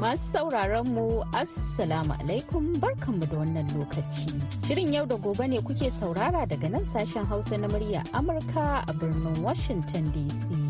Masu sauraron mu Assalamu alaikum barkanmu da wannan lokaci. Shirin yau da gobe ne kuke saurara daga nan sashen Hausa na murya Amurka a birnin Washington DC.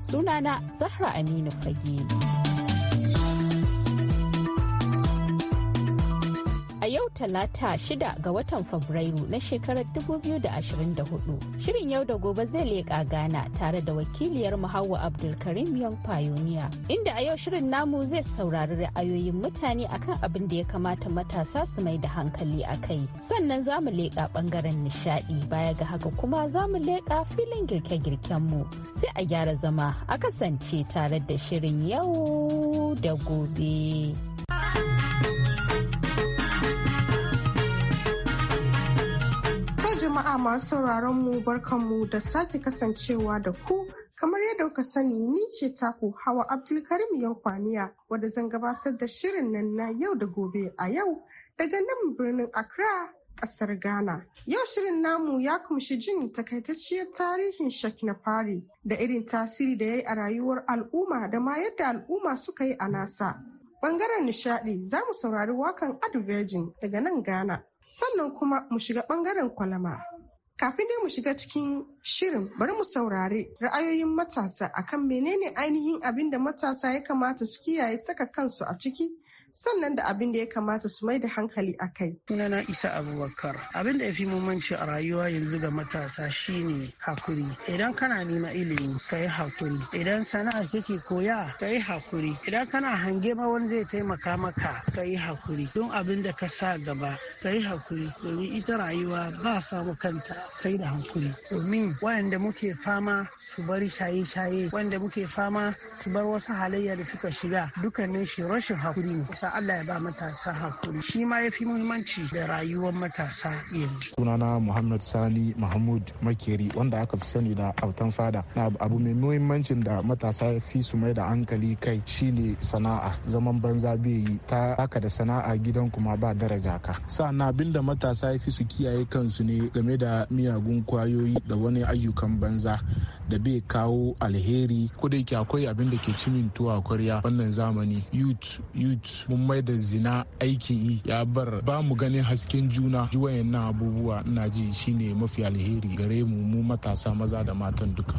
Sunana Zahra Aminu Fage. talata shida ga watan Fabrairu na shekarar 2024. Shirin yau da gobe zai leƙa Ghana tare da wakiliyar Hauwa Abdulkarim Young Pioneer. Inda a yau shirin namu zai saurari ra'ayoyin mutane akan abin da ya kamata matasa su mai da hankali a kai. Sannan za mu leƙa ɓangaren nishaɗi baya ga haka kuma za mu leƙa filin girke girken mu Sai a gyara zama a kasance tare da shirin yau da gobe. Jama'a masu sauraron mu barkanmu da sake kasancewa da ku kamar yadda kuka sani ni ce taku hawa Abdulkarim Yankwaniya wadda zan gabatar da shirin nan na yau da gobe a yau daga nan birnin Accra kasar Ghana. Yau shirin namu ya kumshi jin takaitacciyar tarihin Shek na fari da irin tasiri da ya yi a rayuwar al'umma da ma yadda al'umma suka yi a nasa. Bangaren nishadi za mu saurari wakan Adu Virgin daga nan Ghana. sannan kuma mu shiga bangaren kwalama Kafin dai mu shiga cikin shirin bari mu saurari ra'ayoyin matasa akan menene ainihin abin da matasa ya kamata su kiyaye saka kansu a ciki sannan da abin da ya kamata su mai da hankali a kai. Sunana Isa Abubakar. Abin da ya fi mummanci a rayuwa yanzu ga matasa shine hakuri. Idan kana nema ilimi ka yi hakuri. Idan sana'a kake koya ka yi hakuri. Idan kana hange ma wani zai taimaka maka ka yi hakuri. Don abin da ka sa gaba ka yi hakuri. Domin ita rayuwa ba samu kanta sai da hakuri. Domin wayanda muke fama su bari shaye-shaye wanda muke fama su bar wasu halayya da suka shiga dukkanin shi rashin hakuri ne sa Allah ya ba matasa hakuri shi ma yafi muhimmanci da rayuwar matasa yanzu sunana Muhammad Sani Mahmud Makeri wanda aka fi sani da autan fada na abu mai muhimmancin da matasa fi su mai da hankali kai shine sana'a zaman banza bai yi ta haka da sana'a gidan kuma ba daraja ka sa'an abinda matasa ya fi su kiyaye kansu ne game da miyagun kwayoyi da wani ayyukan banza da bai kawo alheri ko da yake akwai abin da ke cimin tuwa kwarya wannan zamani youth youth mun mai da zina aiki yi ya bar ba mu ganin hasken juna juwayen na abubuwa ina ji shine mafi alheri gare mu mu matasa maza da matan duka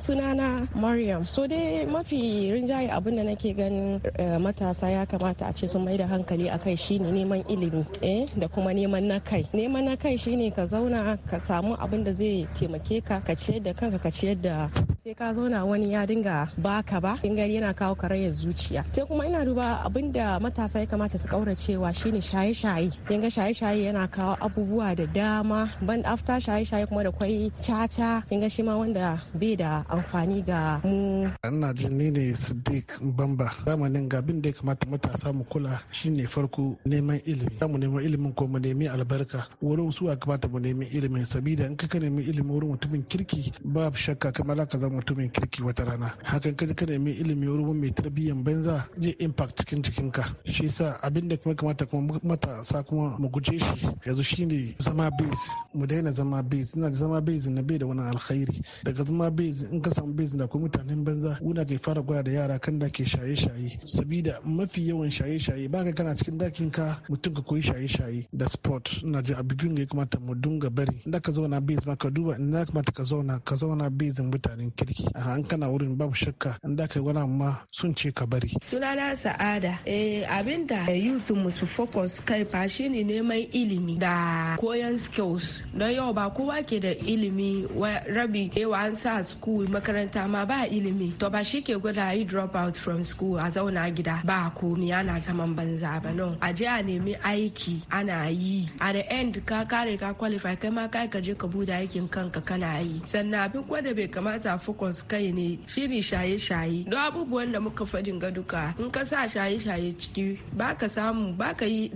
sunana maryam so dai mafi rinjaye abin da nake ganin eh, matasa ya kamata a ce sun mai da hankali a kai shine neman ilimi eh da kuma neman na kai neman na kai shine ka zauna ka samu abin da zai taimake ka ka ciyar da kanka ka ciyar uh, sai ka zo na wani ya dinga baka ba in gari yana kawo karayar zuciya sai kuma ina duba abin da matasa ya kamata su kaura cewa shine shaye-shaye yanga shaye-shaye yana kawo abubuwa da dama ban after shaye-shaye kuma da kwai caca yanga shi ma wanda bai da amfani ga mu ina jin ni ne Siddiq Bamba zamanin ga abin da ya kamata matasa mu kula shine farko neman ilimi zamu neman ilimin ko mu nemi albarka wurin su a kamata mu nemi ilimin sabida in ka nemi ilimin wurin mutumin kirki ba shakka kamar ka mutumin kirki wata rana hakan kaji ka nemi ilimi ruwan mai tarbiyyan banza zai impact cikin jikinka shi yasa abin da kuma kamata kuma matasa kuma mu guje shi yanzu shine zama base mu daina zama base ina zama base na bai da wani alkhairi daga zama base in ka samu base na kuma mutanen banza wuna ke fara gwada da yara kan da ke shaye-shaye sabida mafi yawan shaye-shaye ba ka kana cikin dakin ka mutum ka koyi shaye-shaye da sport ina ji abibin ya kamata mu dunga bari inda ka zauna base ma ka duba ina kamata ka zauna ka zauna base mutanen kirki a kana wurin babu shakka in da kai wani amma sun ce ka bari sunana sa'ada eh abinda eh, youth mu su focus kai fa shine neman ilimi da koyan skills don yau ba kowa ke da ilimi rabi ewa an sa school makaranta ma ba ilimi to ba shi ke gwada yi drop out from school a zauna gida ba komi ana zaman banza ba non a je a nemi aiki ana yi a da end ka kare ka qualify kai ma kai ka je ka buɗe aikin kanka kana yi sannan abin kwada bai kamata focus kai ne shiri shaye-shaye don abubuwan da muka fadin ga duka in ka sa shaye-shaye ciki ba ka samu ba ka yi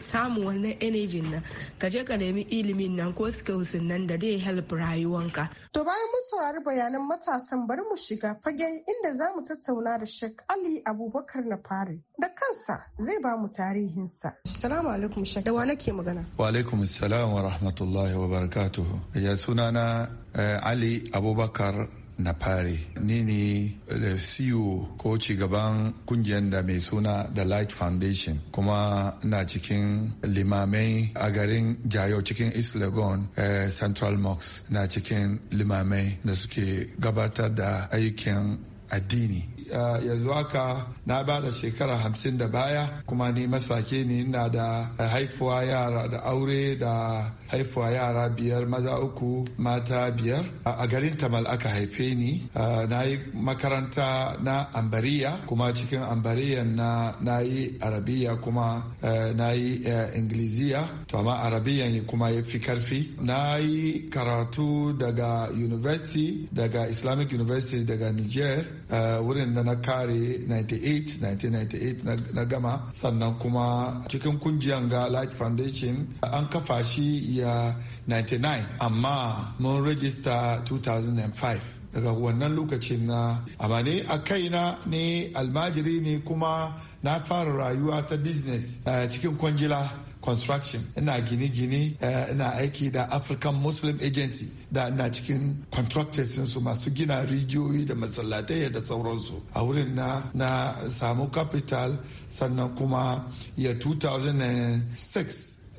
samu wannan energy nan ka je ka nemi ilimin nan ko skills nan da dai help rayuwanka. To bayan mun saurari bayanan matasan bari mu shiga fage inda za mu tattauna da Sheikh Ali Abubakar na fari da kansa zai ba mu tarihinsa. Assalamu alaikum Sheikh. Da wa nake magana? Wa alaikum assalam wa rahmatullahi wa barakatuhu. Ya sunana eh, Ali Abubakar na fari ni ne eh, CEO ko cigaban kungiyar da mai suna the light foundation kuma na cikin limamai a garin jayo cikin east legon eh, central mox na cikin limamai da suke gabatar da ayyukan addini yanzu haka na ba da shekara hamsin da baya kuma ni masake ne ina da haifuwa yara da aure da haifuwa yara biyar maza uku mata biyar a garin tamal aka haife ni na yi makaranta na ambariya kuma cikin ambariya na yi arabiya kuma na yi ingiliziya to amma arabiyan kuma ya fi karfi na yi karatu daga university daga islamic university daga niger wurin na na kare 98 na gama sannan kuma cikin kungiyan ga light foundation an kafa shi ya 99 amma mun rajista 2005 daga wannan lokacin na amma ne a kaina ne almajiri ne kuma na fara rayuwa ta business eh, cikin kwanjila. construction ina gine-gine eh, ina aiki da african muslim agency da ina cikin contractors su masu gina rijiyoyi da masallatai da sauransu a wurin na na samu capital sannan kuma ya 2006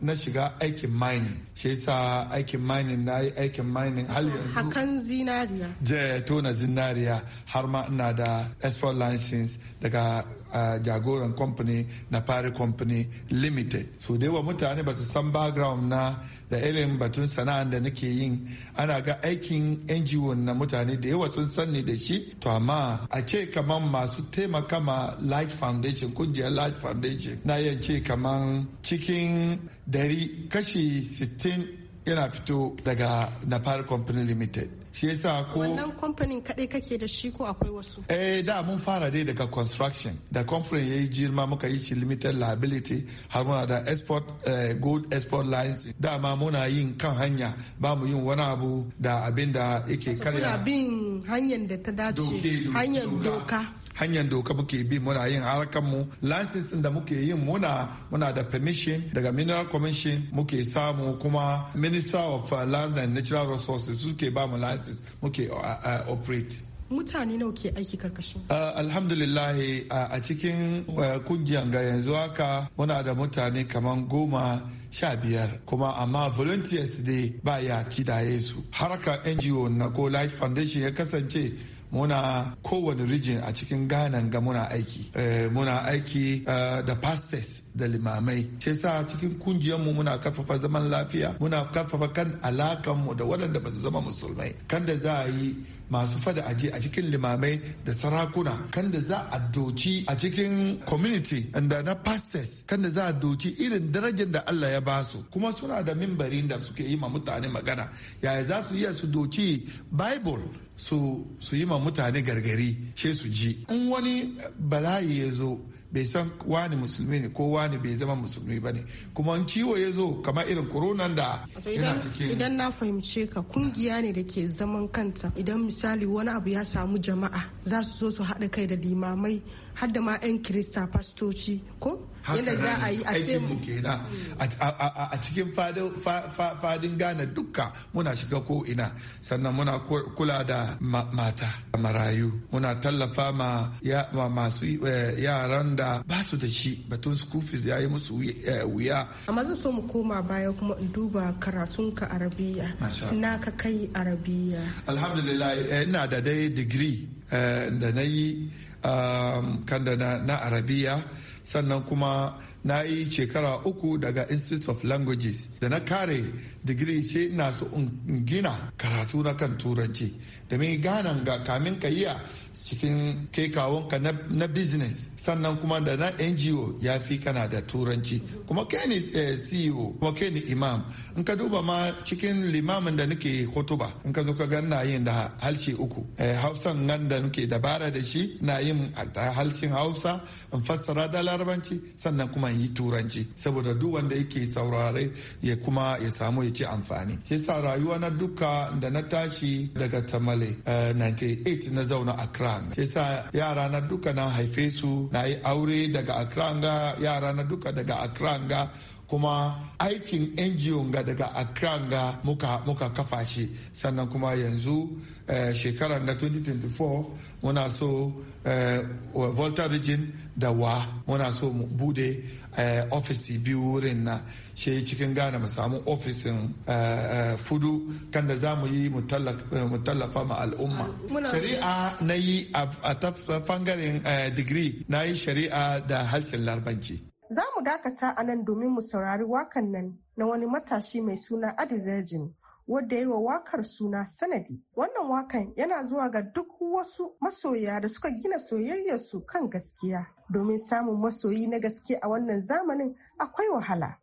na shiga aikin mining shi yasa aikin mining na yi aikin mining har yanzu hakan zinariya je tona zinariya har ma ina da export license daga uh, jagoran company na fari company limited so da yawa mutane basu san background na da irin batun sana'an da nake yin ana ga aikin ngo na mutane da yawa sun sanni da shi to amma a ce kamar masu taimaka ma light foundation kungiyar light foundation na yin ce kamar cikin dari kashi 60 yana fito daga napar company limited shi yasa ko wannan kamfanin kadai kake da shi ko akwai wasu eh da mun fara dai daga construction da conference yayi girma muka yi shi limited liability har muna da export eh, gold export lines dama muna yin kan hanya ba mu yin wani abu da abin da yake karya bin hanyar da ta dace hanyar doka hanyar doka muke bi muna yin harkar mu license da muke yin muna muna da permission daga mineral commission muke samu kuma minister of land and natural resources suke ba mu license muke uh, uh, operate mutane nawa ke aiki karkashin? Uh, alhamdulillah a cikin kungiyar ga yanzu haka muna da mutane kamar goma sha biyar kuma amma volunteers dai ba ya kidaye su harkar ngo na ko life foundation ya kasance muna kowane rijin a cikin ghana ga muna aiki eh, muna aiki eh, da pastors da limamai sai sa cikin mu muna karfafa zaman lafiya muna karfafa kan mu da waɗanda ba su zama musulmai kan da za a yi masu fada aji a cikin limamai da sarakuna kan da za a doci a cikin community da na pastors kan da za a doci irin darajar da Allah ya ba su kuma suna da mimbarin da suke yi ma mutane magana yaya za su iya su doci bible su yi ma mutane gargari she su ji in wani bala'i ya zo bai san wani musulmi ne ko wani bai zama musulmi ba ne kuma ciwo ya zo kamar irin koronan da yana cikin idan na fahimce ka kungiya ne da ke zaman kanta idan misali wani abu ya samu jama'a za su zo su haɗa kai da limamai har ma 'yan kirista fastoci ko yadda za a yi a cikin fadin gane duka muna shiga ko ina sannan muna kula da mata marayu muna tallafa ma masu eh, yaran da ba su da shi batun school ya yi musu eh, wuya amma zan so mu koma baya kuma in duba karatunka arabiya na ka kai arabiya alhamdulillah eh, ina da dai digiri da na yi um, kan da na arabiya sannan kuma na yi shekara uku daga institute of languages da na kare digiri ce na su gina karatu na kan turanci Da mai ganan ga kamin ka a cikin kai kawonka na business sannan kuma da na ngo ya fi kana da turanci kuma kai eh, ceo kuma kai imam in ka duba ma cikin limamin da nake hotuba in ka zo ka ga na yin da halshe uku eh, hausan nan da nake dabara da shi na yin halshen hausa in fassara da larabanci sannan kuma wannan yi turanci saboda duk wanda yake saurare ya kuma ya samu ya ci amfani shi sa rayuwa na duka da na tashi daga tamale 98 eh, na zauna akran shi sa yara na duka na haife su na yi aure daga akran yara na duka daga akran kuma aikin ngo ga daga accra ga muka, muka kafa shi sannan kuma yanzu eh, shekarar 2024 muna so eh, volta region da wa muna so mu bude eh, ofisi biyu wurin na she cikin ghana mu samu ofisin eh, eh, fudu kan da za mu yi mu eh, tallafa ma al'umma ah, shari'a na yi a ta digiri na yi shari'a da halsin larbanci Za mu dakata a nan domin mu saurari wakan nan na wani matashi mai suna Adi Virgin wadda yi wa wakar suna sanadi. Wannan wakan yana zuwa ga duk wasu masoya da suka gina soyayyarsu kan gaskiya. Domin samun masoyi na gaske a wannan zamanin akwai wahala.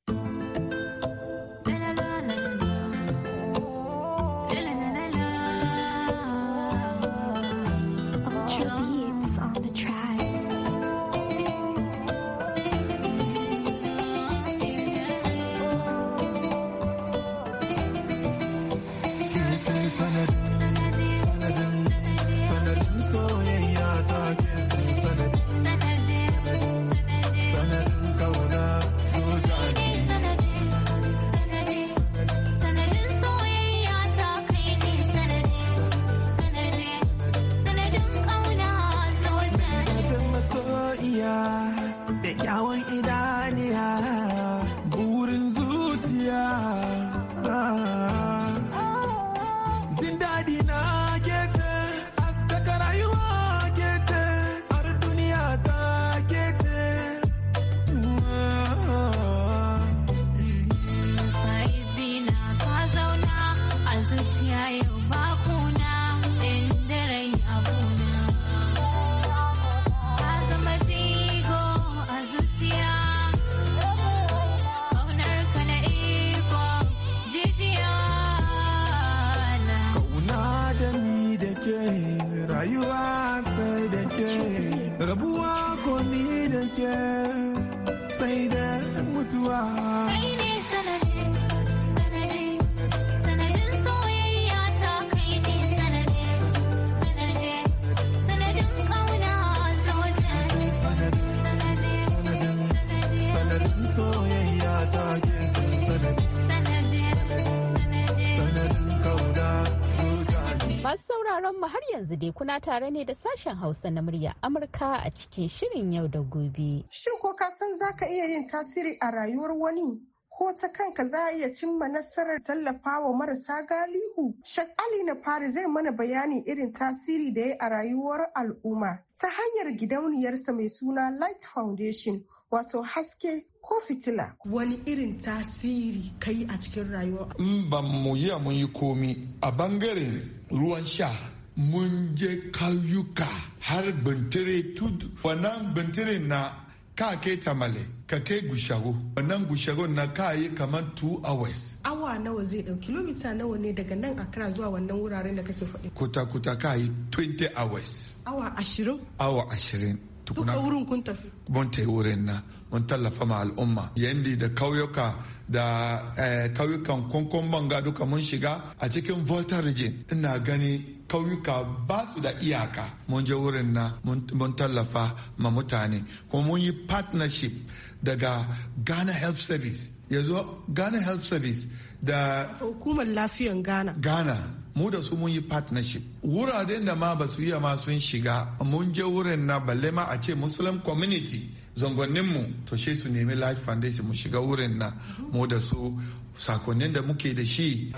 sauraron mu har yanzu dai kuna tare ne da sashen Hausa na murya Amurka a cikin shirin yau da gobe. Shin ko ka san zaka iya yin tasiri a rayuwar wani? Ko ta kanka za a iya cimma nasarar tallafawa marasa galihu? Shek Ali na fari zai mana bayani irin tasiri da ya a rayuwar al'umma ta hanyar gidauniyarsa mai suna Light Foundation wato haske ko fitila. Wani irin tasiri kai a cikin rayuwa? Ban mu yi mun yi komi a bangaren ruwan sha mun je kayuka har bintire tudu wannan bintire na ka ke tamale ka kai gushago wannan gushago na ka yi kamar 2 hours awa nawa zai dau kilomita nawa ne daga nan akara zuwa wannan wuraren da kake faɗi kuta kuta ka yi 20 hours awa ashirin awa ashirin tukuna duka wurin kun tafi mun ta wurin na mun tallafa ma al'umma yandi da kauyuka da eh, kauyukan kunkun banga duka mun shiga a cikin volta region ina gani kauyuka ba su da iyaka mun je wurin na mun tallafa ma mutane kuma mun yi partnership daga ghana health service yanzu ghana health service da hukumar lafiyan ghana ghana mu da su mun yi partnership wuraren da ma ba su iya ma sun shiga mun je wurin na balle ma a ce muslim community zangonninmu to she su nemi life foundation mu shiga wurin na mu da su sakonnin da muke da shi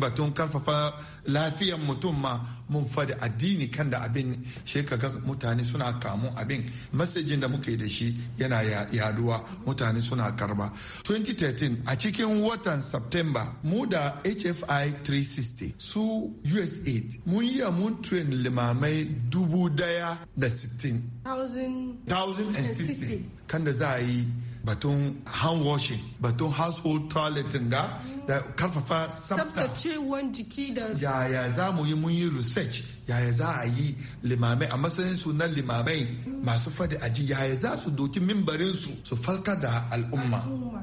batun karfafa lafiyan mutum ma mun fada addini kan da abin shekaga mutane suna kamun abin masajin da muke da shi yana yaduwa mutane suna karba 2013 a cikin watan september mu da hfi 360 su usaid mun yi mun train limamai dubu daya da sittin 1060 kan da za a yi batun hand washing batun household toilet ga da karfafa tsaftacewan jiki da yaya za mu yi mun yi research yaya za a yi limamai a matsayin su na limamai masu fadi aji yaya za su doki mimbarin su su falka da al'umma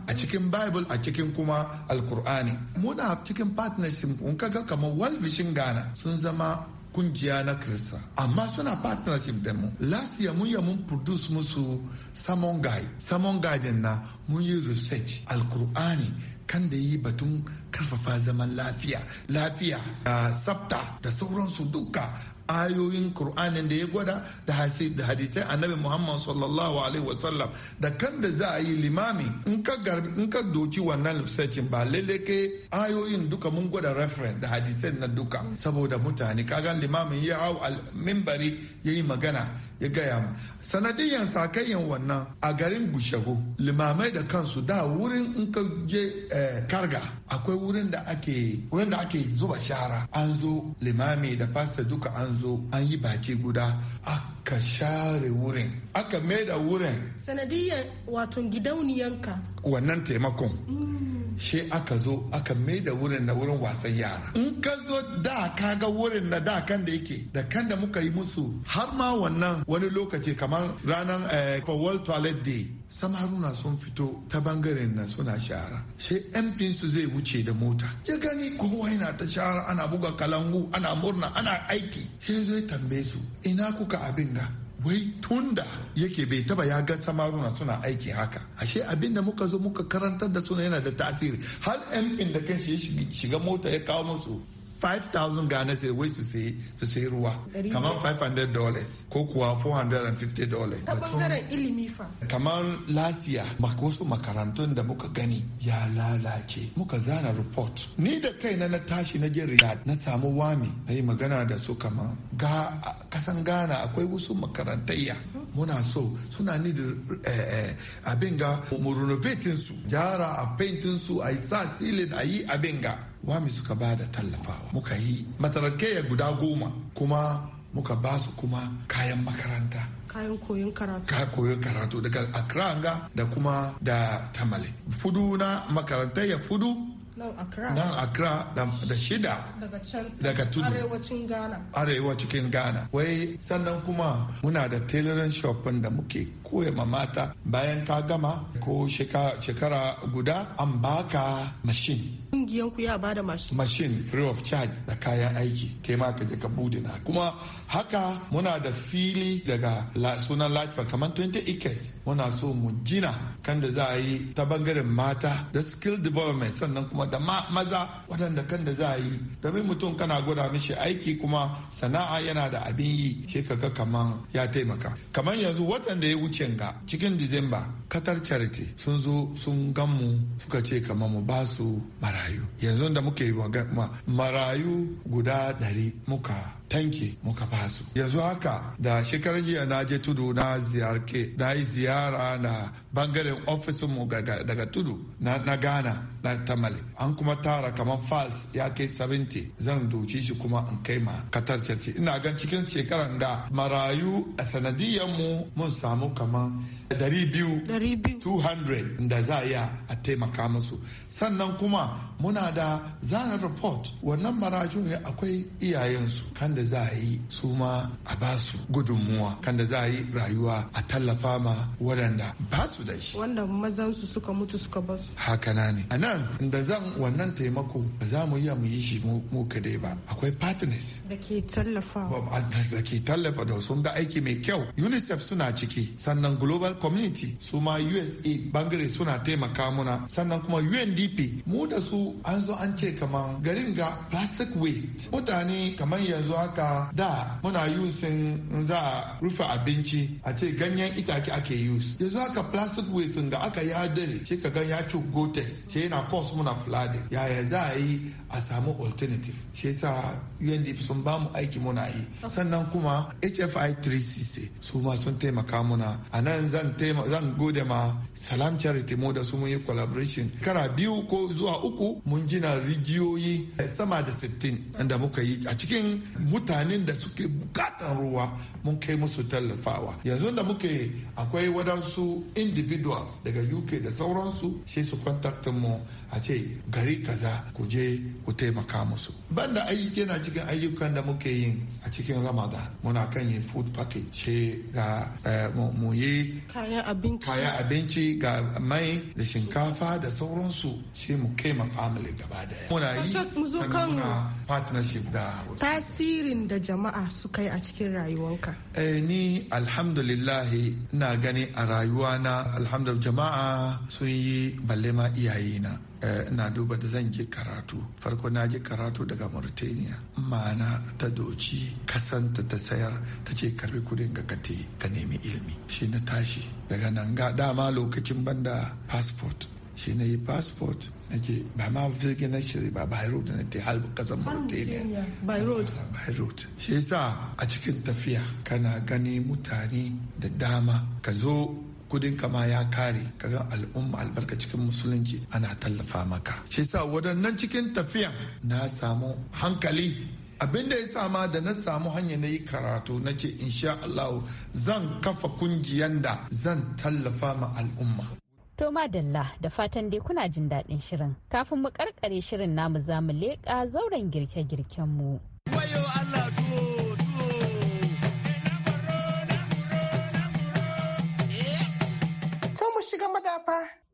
a cikin bible a cikin kuma alkur'ani muna cikin partnership kun kaga kamar world vision ghana sun zama kungiya na kirista amma suna partnership da mu last year mun mun produce musu samon guide samon guide na mun yi research alkur'ani kan da yi batun karfafa zaman lafiya lafiya da ah, sabta da sauransu duka ayoyin Kur'anin da ya gwada da hadisai annabi Muhammad sallallahu alaihi wasallam da kan da za a yi limami in ka in ka doki wannan lissafin ba lalle ke ayoyin duka mun gwada referen da hadisai na duka saboda mutane kagan limamin ya hau mimbari ya yi magana ya gaya mu sanadiyan sakayyan wannan a garin gushago limamai da kansu da wurin in ka je eh, karga akwai wurin da ake wurin da ake zuba shara an zo limami da fasa duka an zo an yi baki guda aka share wurin aka maida wurin sanadiyan wato gidauniyanka wannan taimakon shi aka zo aka mai da wurin na wurin wasan yara in ka zo da ka ga wurin na da kan da yake da kan da muka yi musu har ma wannan wani lokaci kamar ranar eh, for world toilet day samaruna sun fito ta bangaren na suna shara sai yan su zai wuce da mota ya gani kowa yana ta shara ana buga kalangu ana murna ana aiki sai zai tambaye su ina kuka abin ga wai tunda yake bai taba ya ga samaruna suna aiki haka ashe abin da muka zo muka karantar da suna yana da tasiri har yan da kan shi ya shiga mota ya kawo musu 5,000 Ghana cedis wai su sayi su sayi ruwa kaman 500 dollars ko kuwa 450 dollars. Ta bangaren ilimi fa. lasiya wasu makarantun da muka gani ya lalace muka zana report. Ni da kaina na tashi na jin na samu wami na yi magana da su kama ga kasan Ghana akwai wasu makarantayya. Mhm. Muna so suna ni da eh, eh, abin ga mu renovating su a painting su a yi sa silin a yi abin ga. wami suka ba da tallafawa muka yi matarakeya guda goma kuma muka ba su kuma kayan makaranta kayan koyon karatu Kayan koyon karatu daga akranga da kuma da tamale fudu na makarantar ya fudu nan accra da shida daga tudu arewacin ghana arewacin ghana wai sannan kuma muna da tailorin shopin da muke koya ma mata bayan ka gama ko shekara guda an baka mashin kungiyan ku ya bada mashin mashin free of charge da kayan aiki kai ma ka je ka bude na kuma haka muna da fili daga sunan latifa kamar 20 acres muna so mu jina kan da za a yi ta bangaren mata da skill development sannan kuma da maza waɗanda kan da za a yi domin mutum kana gwada mishi aiki kuma sana'a yana da abin yi shi kaga kaman ya taimaka kamar yanzu watan da ya wuce ga cikin disamba qatar charity sun zo sun gan mu suka ce kamar mu ba su marayu yanzu da muke yi marayu guda ɗari muka tanki muka basu yanzu haka da shekarar jiya na je tudu na ziyarke na yi ziyara na bangaren ofisin mu daga tudu na, na ghana na tamale an kuma tara kamar fals ya kai 70 zan doki shi kuma in kai ma katar ce ina gan cikin shekaran da marayu a sanadiyan mu mun samu kamar biyu. 200 da za a a taimaka musu sannan kuma muna da zanen report wannan marayu ne akwai iyayensu kan da za a yi su ma a ba su gudunmuwa kan da za a yi rayuwa a tallafa ma waɗanda ba su da shi wanda mazan su suka mutu suka ba su hakana ne a nan da zan wannan taimako ba za mu iya mu yi shi mu kadai ba akwai partners da ke tallafa da ke tallafa da sun aiki mai kyau unicef suna ciki sannan global community su ma USA bangare suna taimaka muna sannan kuma undp mu da su an zo an ce kamar garin ga plastic waste mutane kamar yanzu haka da muna yusin za a rufe abinci a ce ganyen itake ake use yanzu haka plastic waste da aka yi hadari ce ka gan ya ci gotes ce yana cause muna flooding yaya za a yi a samu alternative shi yasa UNDP sun ba mu aiki muna yi sannan kuma HFI 360 su ma sun taimaka muna a nan zan zan gode ma Salam Charity mu da su mun yi collaboration kara biyu ko zuwa uku mun gina rijiyoyi sama da 60 da muka yi a cikin mutanen da suke bukatan ruwa mun kai musu tallafawa yanzu da muke akwai wadansu individuals daga uk da sauransu sai su kontaktin mu a ce gari kaza ku je ku taimaka musu banda aiki yana cikin ayyukan da muke yin a cikin ramadan muna kan yin food package ce ga eh, mu yi abinci ga mai da shinkafa da sauransu sai mu kai ma family gaba daya muna yi partnership da tasiri tasirin da jama'a suka yi a cikin rayuwanka? Eh, ni alhamdulillahi na gani a rayuwana alhamdul jama'a sun yi balle ma iyayena. Eh, na duba da zan je karatu farko na je karatu daga mauritania ma'ana ta doci kasanta ta sayar ta ce karbi kudin ga kate ka nemi ilmi shi na tashi daga nan ga dama lokacin banda passport shi na yi passport na ke ba ma virgin na shiri ba by road na ta halbu kasar mauritania by road by road shi sa a cikin tafiya kana gani mutane da dama ka zo kudin kama ya kare kaga al'umma albarka cikin musulunci ana tallafa maka shi sa waɗannan cikin tafiya. na samu hankali abin da ya sama da na samu hanya na yi karatu na ce insha Allah zan kafa kungiyan da zan tallafa ma al'umma To madalla da fatan dai kuna jin daɗin shirin. Kafin mu karkare shirin namu za mu leƙa zauren girke-girken mu. shiga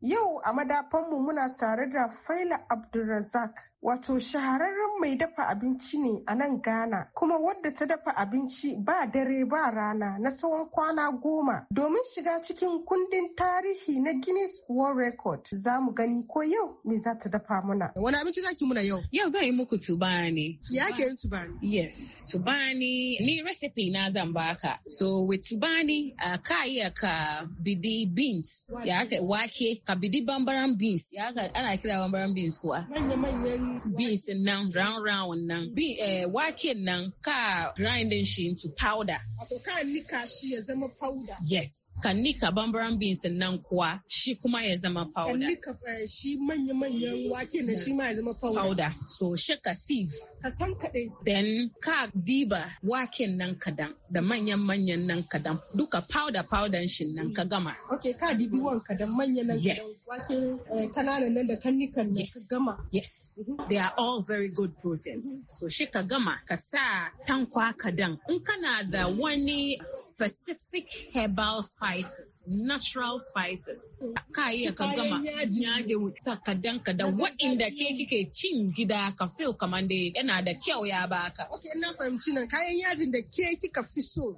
yau a madafanmu muna tare da Faila Abdulrazak wato shahararren mai dafa abinci ne a nan Ghana kuma wadda ta dafa abinci ba dare ba rana na tsawon kwana goma domin shiga cikin kundin tarihi na Guinness World Record za mu gani ko yau me za ta dafa muna. Wani abinci ki muna yau? Yau zan yi muku tubani. Ya ke tubani? Yes, tubani ni recipe na zan baka. So with tubani uh, ka iya ka bidi beans, ya wake ka bidi ba bambaran beans ya haka ana kira bambaran beans kuwa manya-manyan beans nan round round nan bi eh, waken nan ka grinding shi into powder wato ka nika shi ya zama powder yes kan nika bambaran beans nan kuwa shi kuma ya zama powder. Kan nika eh, shi manya-manyan wake na shi ma ya zama powder. Powder. So shi ka sieve. Ka san kaɗai. Then ka diba waken nan kadan da manyan-manyan nan kadan duka powder powder shi nan ka gama. Okay ka dibi wan kadan manyan nan yes. kadan wake eh, kananan nan da kan nika nan ka gama. Yes. Mhm. They are all very good proteins. Mhm. So shi ka gama ka sa tankwa kadan. In kana da wani specific herbal spice spices, natural spices. Mm. Ka iya ka gama yajin sakadanka da waɗanda ke kike cin gida ka feel kamar da yana da kyau ya baka. Ok, na fahimci nan kayan yajin da ke kika fi so.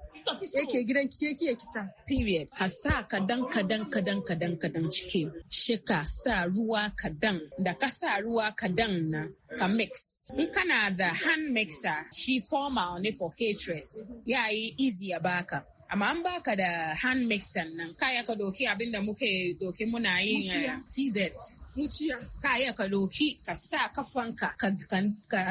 Yake gidan ke kike kisa. Period. Ka sa kadan kadan kadan kadan kadan cike. Shika sa ruwa kadan da ka sa ruwa kadan na ka mix. In kana da hand mixer she formal ne for caterers ya yi easy ya baka. amma an baka da hand mixer nan kaya ka doki abinda muke doki muna yin eh, tz Mutiya. ka yi ka doki ka sa kafanka ka ka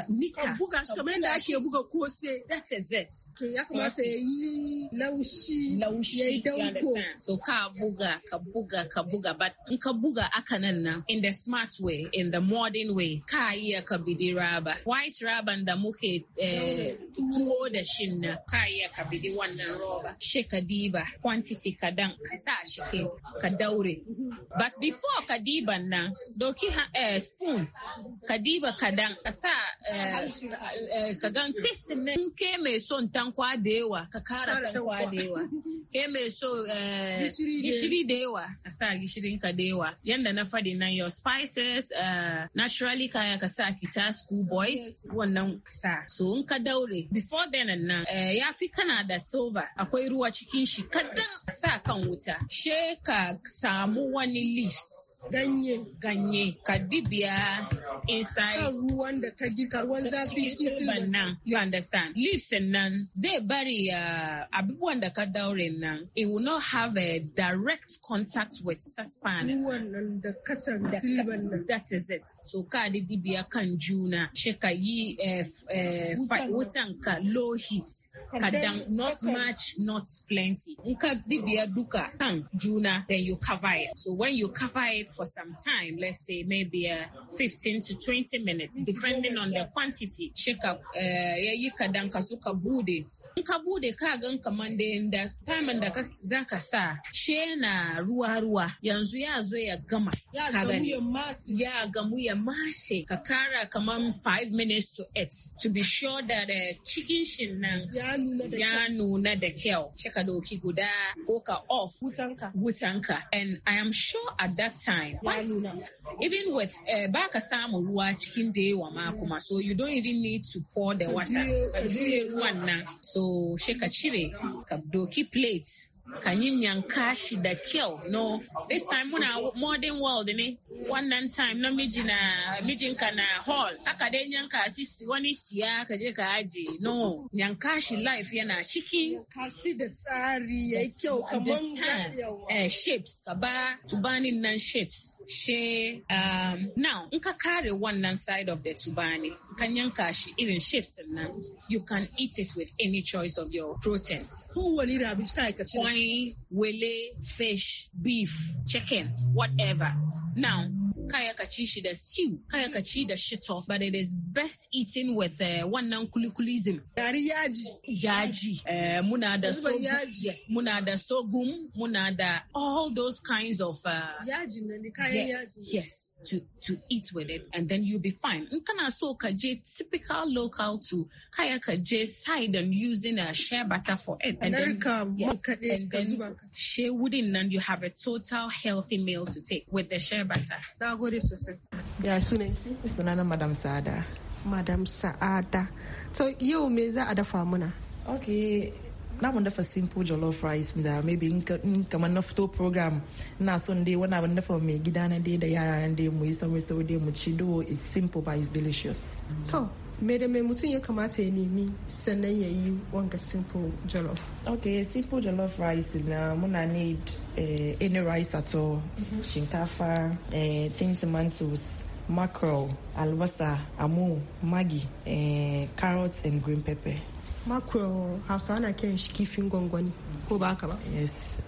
mika ka buga shi kamar yadda ake buga kose is it ke ya kamata ya yi laushi laushi ya yi danko so ka buga ka buga ka buga but in ka buga aka nan nan in the smart way in the modern way ka yi ka bidi raba white raba da muke eh, tuwo da shin na. ka yi ka bidi wannan roba shi ka diba quantity dan ka sa shi ke ka daure but before ka diban nan doki ha eh, spoon ka diba kadan ka sa eh, eh, kadan test ne ke mai son tankwa da yawa ka kara tankwa da yawa ke mai so gishiri da yawa ka sa gishirin ka da yawa yanda na fadi nan your spices naturally kaya ka sa kita school boys wannan sa so in ka daure before then and now ya fi kana da silver akwai ruwa cikin shi kadan sa kan wuta she ka samu wani leaves ganye ganye kadibiya inside ruwan da ka girka ruwan zafi cikin nan you understand leaves nan zai bari uh, abubuwan da ka nan it will not have a direct contact with saspan that is it so ka da dibiya kan juna shi ka yi wutan ka low heat ka dan not much not plenty in ka dibiya duka kan juna then you cover it so when you cover it for some time let's say maybe uh, 15 to 20 minutes depending on the quantity shi ka eh, yayi ka dan ka suka bude in ka bude ka gan kaman da time da za ka sa she na ruwa ruwa yanzu ya zo ya gama ya gamu ya masi. ka kara kaman 5 minutes to 8 to be sure that eh, chicken shin nan ya nuna da kyau shi ka doki guda ko ka off wutanka wutanka and i am sure at that time even with uh, samu ruwa cikin da yawa ma kuma so you don't even need to pour the water ka juye ruwan nan so she ka cire ka doki plate kanyinyanka da kyau no this time muna modern world ne wannan time na miji na mijinka na hall aka dai yanka si wani siya ka je ka aje no yanka shi life yana ciki yanka shi da tsari ya kyau kamar eh shapes ka ba tubanin nan shapes she um, now in ka kare wannan side of the tubani kan yanka shi irin shapes nan you can eat it with any choice of your proteins kowane da abinci ka aikace wele, fish, beef, chicken, whatever. Now, kaya ka shi da stew kaya mm-hmm. ka da shito but it is best eaten with uh, one kulikulism gari yaji yaji mm-hmm. uh, muna da muna da sogum muna da all those kinds of uh, yaji yaji yes to to eat with it and then you'll be fine in kana so kaje typical local to kaya kaje side and using a share butter for it and then, yes, and then share would and you have a total healthy meal to take with the share butter gode sosai ya sunan ki sunanan madam sa'ada madam sa'ada so yau me za a dafa muna okay na mun dafa simple jollof rice da maybe in kamar na fito program na son dai wani abin dafa mai gida na dai da yara na dai mu yi sauye sauye dai mu ci do is simple but is delicious so me da mai mutum ya kamata ya nemi sannan ya yi wanga simple jollof ok simple jollof rice na muna need eh, any rice at all mm-hmm. shinkafa eh, tin tomatoes mackerel albasa amu magi eh, carrots and green pepper mackerel hausa ana kiran shi kifin gwangwani ko ba ka ba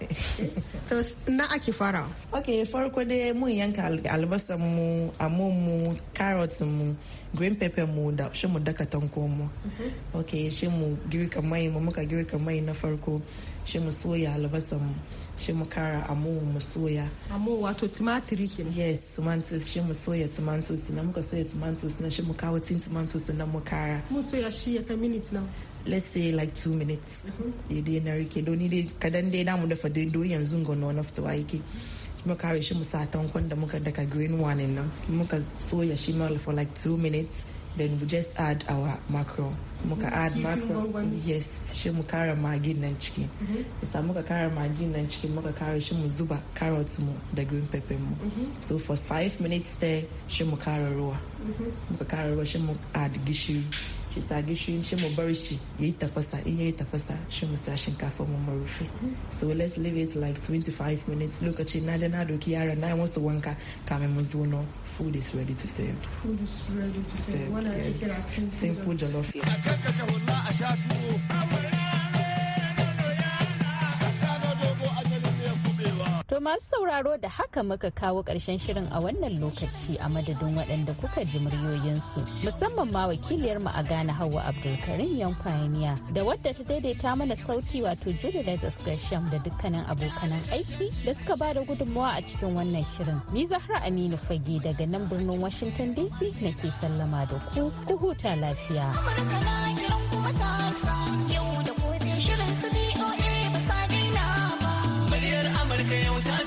to na ake fara ok farko dai mun yanka albasan mu amon mu carrots mu green pepper mu da shi mu daka tanko mu mm-hmm. ok shi mu girka mai mu muka girka mai na farko shi mu soya albasan mu shi mu kara amon mu soya. Amon wato tumatiri ke Yes, tumatiri shi mu soya tumatiri na muka soya tumatiri na shi mu kawo tin tomatoes na mu kara. Mun soya shi ya kai minit na. let's say like two minutes mm-hmm. daidai na rike doni dai kadan dai namu dafa do yanzu ga na of the yake kuma kare shi musa kwan da muka daga green one nan muka soya shi mal for like two minutes then we just add our macro muka mm-hmm. add macro yes shi mu kara magin nan ciki isa mm-hmm. muka kara magin nan ciki muka kare shi mu zuba carrots mu da green pepper mu so for five minutes there shi mu kara ruwa muka kara ruwa shi mu add gishiri shi sa gishirin shi mu bar shi yayi tafasa in yayi tafasa shi mu sa shinkafa mu marufe so let's leave it like 25 minutes lokaci na je na doki yaran na musu wanka kamin mu zo no food is ready to serve food is ready to serve wannan ake kira simple jollof a sha tuwo masu sauraro da haka muka kawo ƙarshen shirin a wannan lokaci a madadin waɗanda kuka ji muryoyinsu musamman ma wakiliyar mu a gane Hauwa Abdulkarim Yankwaniya da wadda ta daidaita mana sauti wato Julie da Gresham da dukkanin abokan aiki da suka ba da gudunmawa a cikin wannan shirin. Ni Zahra Aminu Fage daga nan birnin Washington DC nake sallama da ku, ku huta lafiya. da yau ta